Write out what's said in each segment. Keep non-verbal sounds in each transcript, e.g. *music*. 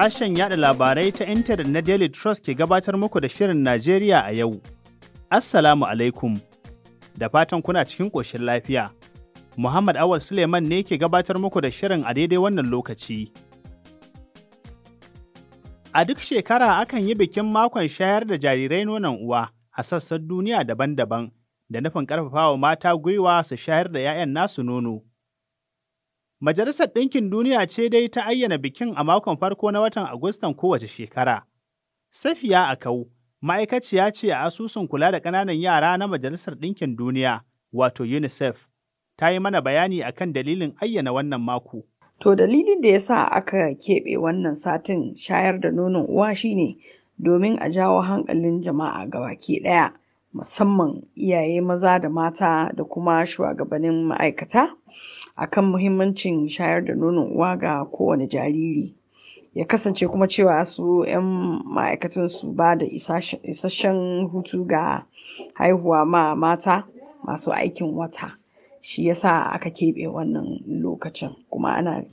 Sashen yada labarai ta intanet na Daily Trust ke gabatar muku da Shirin Najeriya a yau. Assalamu alaikum. Da fatan kuna cikin ƙoshin lafiya. Muhammad Awal Suleiman ne ke gabatar muku da Shirin a daidai wannan lokaci. A duk shekara akan yi bikin makon shayar da jarirai nonon uwa a sassan duniya daban-daban da nufin wa mata gwiwa su shayar da 'ya'yan nasu nono. Majalisar Ɗinkin Duniya ce dai ta ayyana bikin a makon farko na watan Agustan kowace shekara. Safiya Akau, ma'aikaciya ce a asusun kula da ƙananan yara na Majalisar Ɗinkin Duniya, wato UNICEF, ta yi mana bayani a kan dalilin ayyana wannan mako. To dalilin da ya sa aka keɓe wannan satin shayar da nonon uwa shine domin a jawo hankalin jama'a ga baki ɗaya musamman iyaye maza da mata da kuma shugabannin ma'aikata akan muhimmancin shayar da nonon uwa ga kowane jariri ya kasance kuma cewa su 'yan ma'aikatan su ba da isasshen hutu ga haihuwa ma mata masu aikin wata shi yasa aka keɓe wannan lokacin kuma ana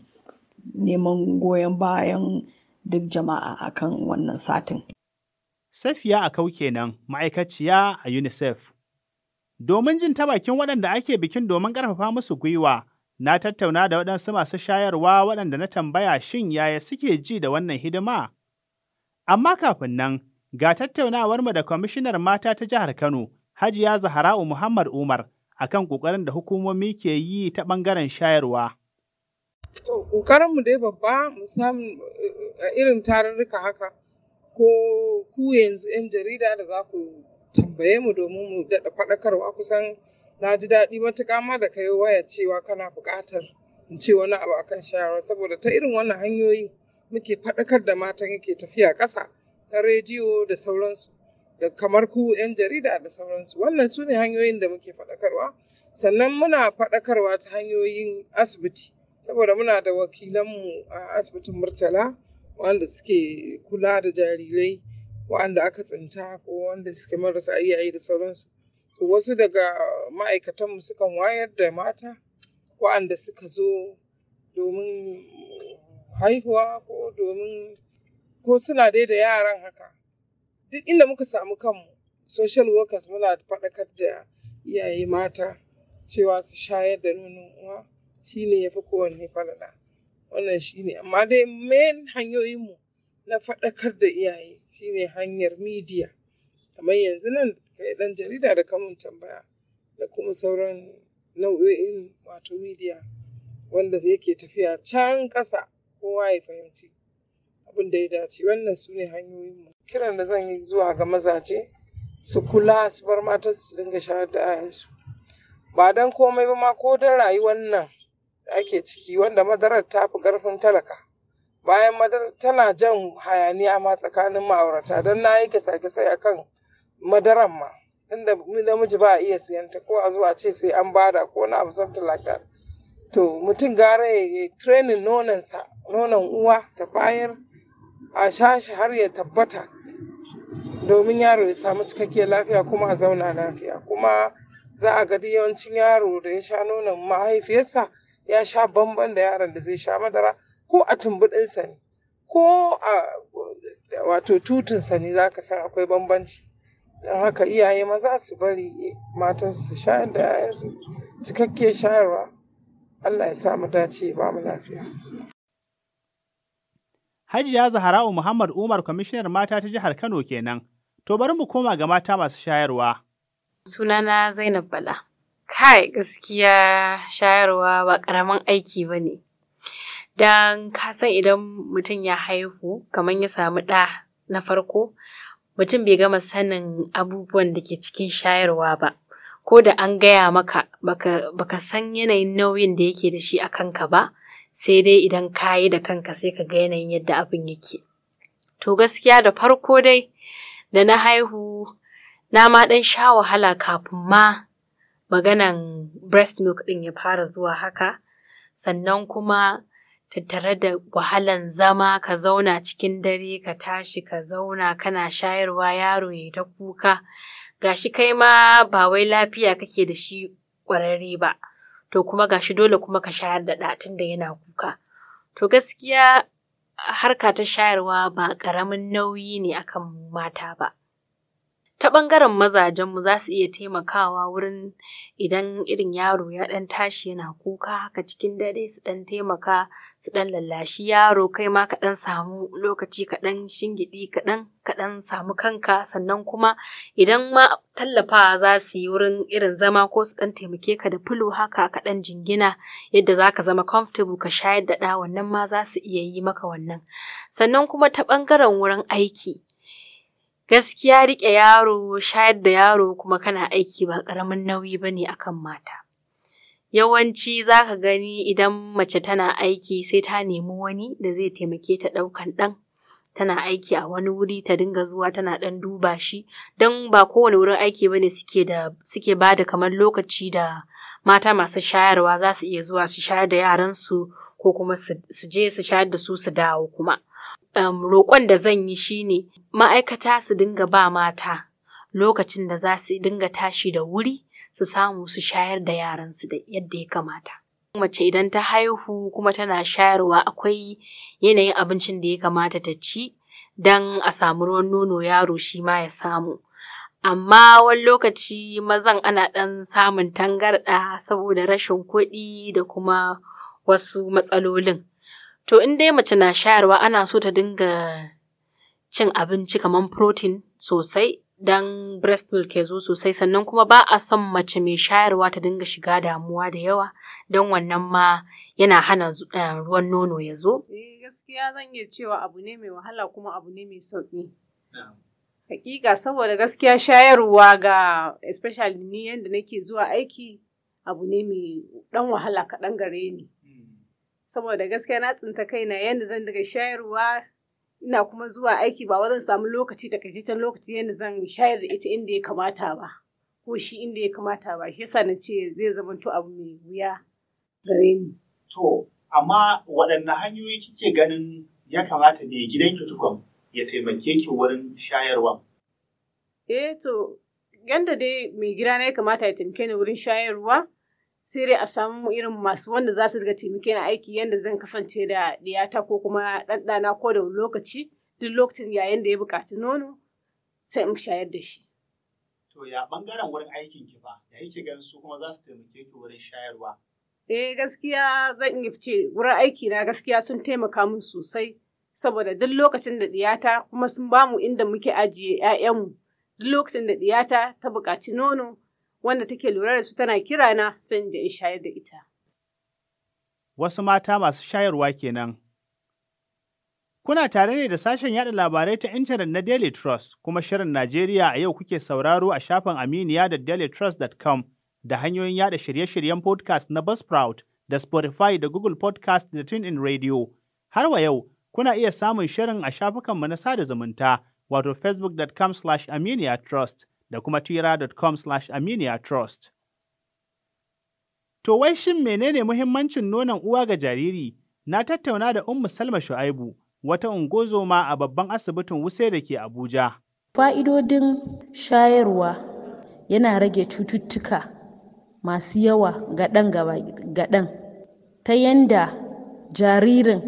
neman goyon bayan duk jama'a akan wannan satin Safiya a kau kenan ma'aikaciya a UNICEF. Domin jin ta bakin waɗanda ake bikin domin ƙarfafa musu gwiwa, na tattauna da waɗansu masu shayarwa waɗanda na tambaya shin yaya suke ji da wannan hidima. Amma kafin nan, ga tattaunawar mu da kwamishinar mata ta jihar Kano, Hajiya Zahara'u Muhammad Umar, akan ƙoƙarin da hukumomi ke yi ta ɓangaren shayarwa. Ƙoƙarinmu dai babba, musamman eh, eh, irin tarurruka haka. ko ku yanzu 'yan jarida da za ku tambaye mu domin mu daɗa faɗakarwa kusan na ji daɗi matuƙa ma da kai waya cewa kana buƙatar in ce wani abu akan shayarwa saboda ta irin wannan hanyoyi muke faɗakar da matan yake tafiya ƙasa ta rediyo da sauransu da kamar ku 'yan jarida da sauransu wannan su ne hanyoyin da muke faɗakarwa sannan muna faɗakarwa ta hanyoyin asibiti saboda muna da wakilanmu a asibitin murtala waɗanda suke kula da jarirai waɗanda aka tsinta ko wanda suke marasa iyaye da sauransu. To wasu daga ma'aikatanmu sukan wayar da mata waɗanda suka zo domin haihuwa ko domin ko suna dai da yaran haka. Duk inda muka samu kanmu, social workers muna faɗakar da iyaye mata cewa su shayar da nonon uwa shine yafi kowanne falala. wannan shi ne, amma dai main hanyoyinmu na faɗakar da iyaye shine hanyar midiya kamar yanzu nan kai ɗan jarida da kamun tambaya da kuma sauran nau'o'in wato midiya wanda zai ke tafiya can ƙasa kowa ya fahimci abin da ya dace wannan su ne hanyoyinmu kiran da zan yi zuwa ga mazaje su kula su bar matar su dinga shayar da 'ya'yansu ba don komai ba ma ko don rayuwar nan da ake ciki wanda madarar ta fi ƙarfin talaka. Bayan madarar tana jan hayaniya ma tsakanin ma'aurata don na yi kisa-kisa a kan madarar ma. Inda namiji ba a iya siyanta ko a zuwa ce sai an bada ko na abu sabta like To mutum gara ya training nonansa, nonon uwa ta bayar a shashi har ya tabbata domin yaro ya samu cikakkiyar lafiya kuma a zauna lafiya kuma za a ga yawancin yaro da ya sha nonon mahaifiyarsa ya sha bamban da yaron da zai sha madara ko a tumbuɗinsa ne ko a wato tutunsa ne za ka san akwai bambanci don haka iyaye maza su bari matansu su shayar da 'ya'yansu cikakkiyar shayarwa allah ya sa mu dace ba mu lafiya hajiya zahara'u muhammad umar kwamishinar mata ta jihar kano kenan to bari mu koma ga mata masu shayarwa sunana zainab bala Kai gaskiya shayarwa ba ƙaramin aiki ba ne. Dan ka idan mutum ya haihu kamar ya samu ɗa na farko mutum bai gama sanin abubuwan da ke cikin shayarwa ba. Ko da an gaya maka baka san yanayin nauyin da yake da shi a kanka ba sai dai idan ka yi da kanka sai ka ga yanayin yadda abin yake. To gaskiya da farko dai da na haihu na ma ɗan sha wahala kafin ma maganan breast milk ɗin ya fara zuwa haka, sannan kuma tattare da wahalan zama ka zauna cikin dare ka tashi ka zauna kana shayarwa yaro ya ta kuka gashi kai ma ba wai lafiya kake da shi ƙwararre ba to kuma gashi dole kuma ka shayar da datin da yana kuka to gaskiya harka ta shayarwa ba ƙaramin nauyi ne akan mata ba ta ɓangaren mazajenmu za su iya taimakawa wurin idan irin yaro ya ɗan tashi yana kuka haka cikin dare su ɗan taimaka su ɗan lallashi yaro kai ma ka ɗan samu lokaci ka ɗan shingiɗi ka ɗan ka ɗan samu kanka sannan kuma idan ma tallafawa za su yi wurin irin zama ko su ɗan taimake ka da filo haka ka ɗan jingina yadda za ka zama comfortable ka shayar da ɗa wannan ma za su iya yi maka wannan sannan kuma ta ɓangaren wurin aiki gaskiya riƙe yaro shayar da yaro kuma kana aiki ba ƙaramin nauyi ba ne akan mata yawanci za ka gani idan mace tana aiki sai ta nemi wani da zai taimake ta ɗaukan ɗan tana aiki a wani wuri ta dinga zuwa tana ɗan duba shi don ba kowane wurin aiki ba ne suke suke ba da kamar lokaci da mata masu shayarwa za su iya zuwa su shayar da yaransu ko kuma su je su shayar da su su dawo kuma um, roƙon da zan yi shine ma'aikata su dinga ba mata lokacin da za su dinga tashi da wuri su samu su shayar da yaransu da yadda ya kamata. Mace idan ta haihu kuma tana shayarwa akwai yanayin abincin da ya kamata ta ci don a samu ruwan nono yaro shi ma ya samu. Amma wani lokaci mazan ana ɗan samun tangarɗa saboda rashin kuɗi da kuma wasu matsalolin. To in dai mace na shayarwa ana so ta dinga cin abinci kamar protein sosai don breast milk ya zo sosai sannan kuma ba a son mace mai shayarwa ta dinga shiga damuwa da yawa don wannan ma yana hana eh, ruwan nono ya zo. Eh, gaskiya zan iya cewa abu ne mai wahala kuma abu ne mai sauƙi. Hakika saboda gaskiya shayarwa ga especially ni yadda nake zuwa aiki abu ne mai ɗan wahala kaɗan gare ni. saboda gaskiya na tsinta kaina yadda zan daga shayarwa ina kuma zuwa aiki ba wajen samu lokaci takaitaccen lokaci yadda zan shayar da ita inda ya kamata ba ko shi inda ya kamata ba shi yasa na ce zai to abu mai wuya gare ni to amma waɗanne hanyoyi kike ganin ya kamata mai gidanki tukun ya taimake ki wurin shayarwa eh to yadda dai mai gida na ya kamata ya taimake ni wurin shayarwa sai dai a samu irin masu wanda za su riga taimake ni aiki yadda zan kasance da ɗiyata ko kuma ɗanɗana ko da lokaci duk lokacin yayin da ya buƙaci nono sai in shayar da shi. To ya ɓangaren wurin aikin ki fa da yake ganin su kuma za su taimake ki wurin shayarwa. Eh gaskiya zan iya ce wurin aiki na gaskiya sun taimaka min sosai saboda duk lokacin da ɗiyata kuma sun bamu inda muke ajiye 'ya'yanmu duk lokacin da ɗiyata ta buƙaci nono wanda take lura da su tana kira na fin da in shayar da ita. Wasu mata masu shayarwa kenan. Kuna tare ne da sashen yada labarai ta intanet na Daily Trust kuma Shirin Najeriya a yau kuke sauraro a shafin Aminiya da dailytrust.com da hanyoyin yada shirye-shiryen podcast na Buzzsprout da Spotify da Google Podcast da TuneIn Radio. Har wa yau, kuna iya samun shirin a shafukanmu na sada zumunta wato facebook.com/aminiya trust. da kuma twittercom trust To wai shin menene muhimmancin nonon uwa ga jariri? Na tattauna da Ummu Salma Shu'aibu, wata ungozoma a babban asibitin Wuse da ke Abuja. Fa'idodin shayarwa yana rage cututtuka masu yawa ga ɗan gaɗan ta yanda jaririn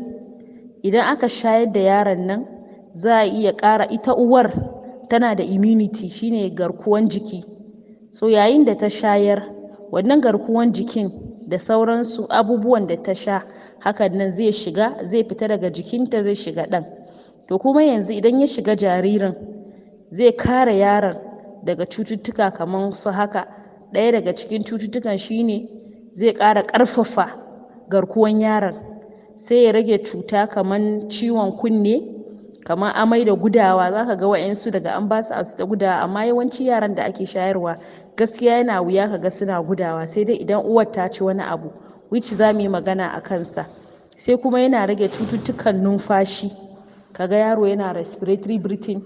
idan aka shayar da yaron nan za a iya ƙara ita uwar tana da immunity shine garkuwan jiki so yayin da ta shayar wannan garkuwan jikin da sauransu abubuwan da ta sha hakan nan zai shiga zai fita daga jikinta zai shiga ɗan to kuma yanzu idan ya shiga jaririn zai kare yaron daga cututtuka kaman su haka ɗaya daga cikin cututtukan shine zai ƙara ƙarfafa garkuwan yaron sai ya rage cuta kaman ciwon kunne kamar amai da gudawa za ka ga wa'yansu daga an ba su abu da gudawa amma yawanci yaran da ake shayarwa gaskiya yana wuya ka ga suna gudawa sai dai idan uwar ta ci wani abu which za mu yi magana a kansa sai kuma yana rage cututtukan numfashi kaga yaro yana respiratory breathing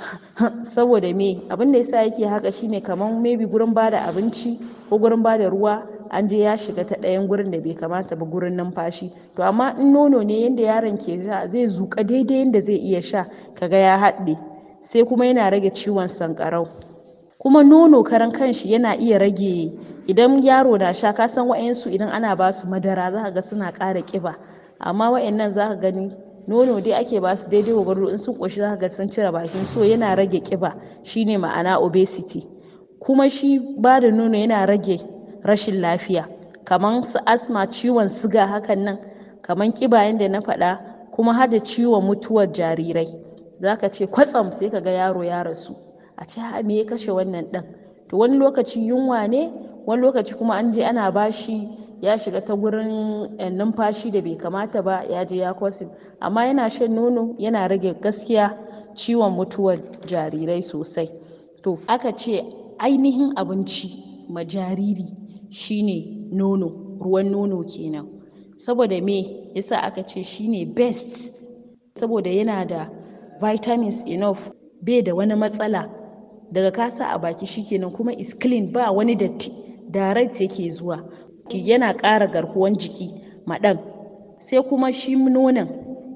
*laughs* saboda me abin da yasa yake haka shine kamar maybe gurin bada abinci ko gurin bada ruwa an je ya shiga ta ɗayan gurin da bai kamata ba gurin numfashi to amma in nono ne yadda yaron ke sha zai zuƙa daidai yadda zai iya sha kaga ya haɗe sai kuma yana rage ciwon sankarau kuma nono karan kanshi yana iya rage idan yaro na sha ka san wa'yansu idan ana ba su madara za ka ga suna ƙara ƙiba amma wa'yannan za ka gani nono dai ake ba su daidai wa in sun ƙoshi za ka ga sun cire bakin so yana rage ƙiba shine ma'ana obesity kuma shi ba da nono yana rage rashin lafiya kamar su asma ciwon siga hakan nan kamar ƙiba yadda na faɗa kuma har da ciwon mutuwar jarirai za ka ce kwatsam sai ka ga yaro ya rasu a ce ha me ya kashe wannan ɗan to wani lokaci yunwa ne wani lokaci kuma an je ana bashi ya shiga ta gurin eh, numfashi da bai kamata ba ya je ya kwasim amma yana shan nono yana rage gaskiya ciwon mutuwar jarirai sosai to aka ce ainihin abinci ma jariri Shi ne nono ruwan nono kenan saboda me yasa aka ce shi ne best saboda yana da vitamins enough bai da wani matsala daga kasa a baki shi kenan kuma is clean ba wani datti direct yake zuwa yana ƙara garkuwan jiki maɗan sai kuma shi nonon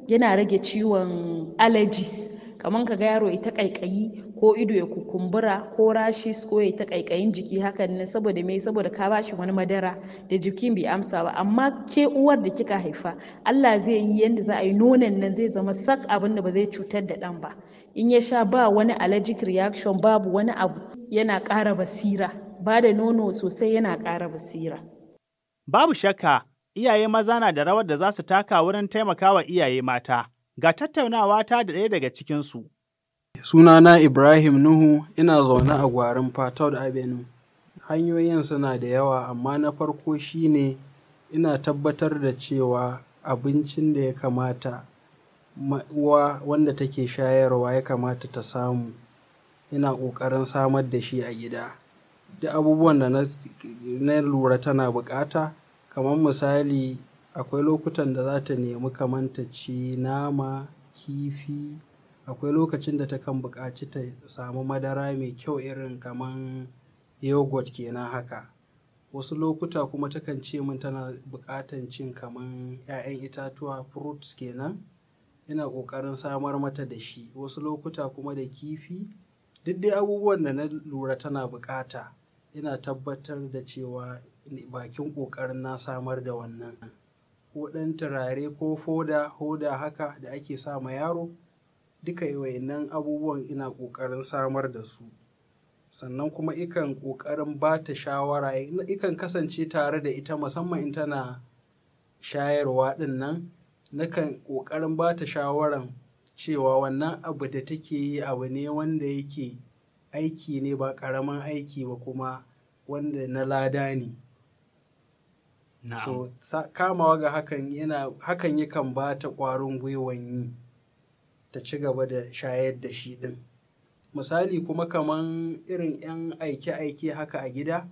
yana rage ciwon allergies kamar ka ga yaro ita ƙaiƙayi ko ido ya kukumbura ko rashi ko ya ta ƙaiƙayin jiki hakan nan saboda me saboda ka bashi wani madara da jikin bai amsa ba amma ke uwar da kika haifa Allah zai yi yanda za a yi nonon nan zai zama sak abin da ba zai cutar da dan ba in ya sha ba wani allergic reaction babu wani abu yana ƙara basira ba da nono sosai yana ƙara basira babu shakka iyaye maza na da rawar da za su taka wurin taimakawa iyaye mata ga tattaunawa ta da ɗaya daga cikinsu Sunana Ibrahim Nuhu, ina zaune a Gwarin Fatau da Avenue. Hanyoyin suna da yawa amma na farko shine ina tabbatar da cewa abincin da ya kamata wa wanda take shayarwa ya kamata ta samu ina ƙoƙarin samar da shi a gida. Duk abubuwan da na lura tana buƙata kamar misali akwai lokutan da za ta nemi kamanta ta ci nama, kifi. Akwai lokacin da ta kan buƙaci ta samu madara mai kyau irin kamar yogurt kenan haka. Wasu lokuta kuma ta kan ce min tana buƙatan cin kamar 'ya'yan itatuwa fruits kenan, ina ƙoƙarin samar mata da shi. Wasu lokuta kuma da kifi. Duk dai abubuwan da na lura tana buƙata ina tabbatar da cewa bakin ƙoƙarin na samar da wannan. Ko ɗan turare ko foda, hoda haka da ake sa ma yaro duka wayannan abubuwan ina ƙoƙarin samar da su sannan kuma ikan ƙoƙarin ba ta shawara ikan kasance tare da ita musamman in tana shayarwa ɗin nan nakan ƙoƙarin ba ta shawaran cewa wannan abu da take yi abu ne wanda yake aiki ne ba ƙaramin aiki ba kuma wanda na lada ne so kamawa ga hakan yakan ba ta ƙwarin gwiwan yi ta ci gaba da shayar da shi ɗin misali kuma kaman irin 'yan aike-aike haka a gida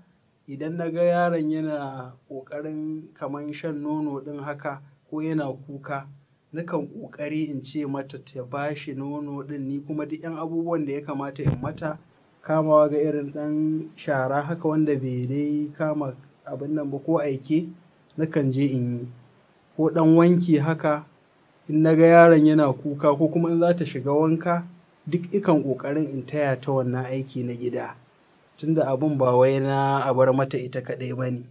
idan na ga yaron yana ƙoƙarin kaman shan nono ɗin haka ko yana kuka nakan ƙoƙari in ce mata ta ba shi nono ɗin ni kuma duk 'yan abubuwan da ya kamata in mata kamawa ga irin ɗan shara haka wanda bai dai kama abin nan ba ko aike nakan je in yi ko ɗan wanki haka in na ga yaron yana kuka ko kuma in za ta shiga wanka duk ikan ƙoƙarin in taya ta wannan aiki na gida tunda abin ba wai na a bar mata ita kaɗai ba ne.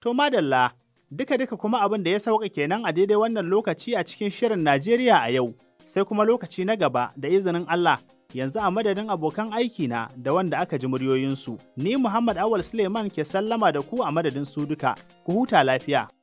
To madalla duka-duka kuma abin da ya sauka kenan a daidai wannan lokaci a cikin shirin Najeriya a yau sai kuma lokaci na gaba da izinin Allah yanzu a madadin abokan aiki na da wanda aka ji muryoyinsu ni Muhammad Awal Suleiman ke sallama da ku a madadin su duka ku huta lafiya.